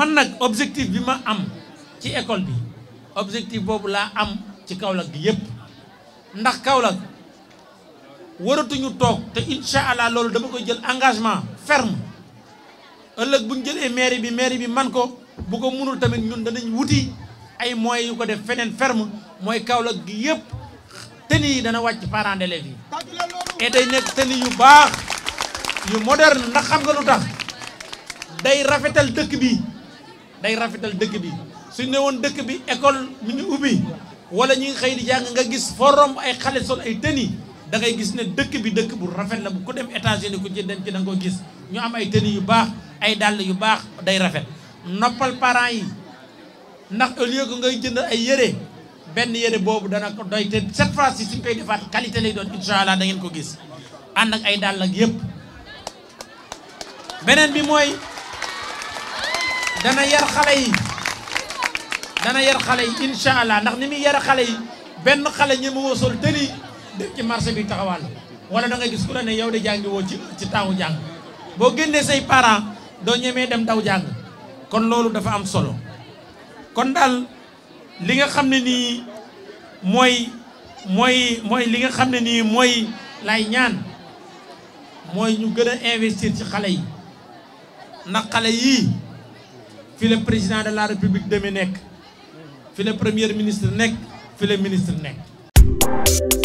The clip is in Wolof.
man nag objectif bi ma am ci école bi objectif boobu laa am ci Kaolack gi yépp ndax Kaolack waratuñu toog te incha allah loolu dama koy jël engagement ferme ëllëg bu ñu jëlee mairie bi mairie bi man ko bu ko mënul tamit ñun danañ wuti ay moyens yu ko def feneen ferme mooy Kaolack gi yépp tenue yi dana wàcc parents d'élèves yi et day nekk tenue yu baax yu moderne ndax xam nga lu tax day rafetal dëkk bi day rafetal dëkk bi suñ ne woon dëkk bi école mi ngi ubbi wala ñi ngi xëy di jàng nga gis foo forom ay xale sol ay tenue da ngay gis ne dëkk bi dëkk bu rafet la bu ku dem États-Unis ku ci dem ci da ko gis ñu am ay tenue yu baax ay dàll yu baax day rafet noppal parent yi ndax au ngay jënd ay yére benn yére boobu dana ko doy te cette fois ci suñ koy defaat qualité lay doon incha allah da ko gis ànd ak ay dàll ak yëpp. beneen bi mooy dana yar xale yi dana yar xale yi incha allah ndax ni muy yar xale yi benn xale ñi ma woo sol ci marché bi taxawal wala da nga gis ku la ne yow de jàngi woo ci ci jàng boo génnee say parent doo ñemee dem daw jàng kon loolu dafa am solo kon daal. li nga xam ne nii mooy mooy mooy li nga xam ne nii mooy lay ñaan mooy ñu gën a investir ci xale yi ndax xale yii fii la président de la république demi nekk fi le première ministre nekk fii le ministre nekk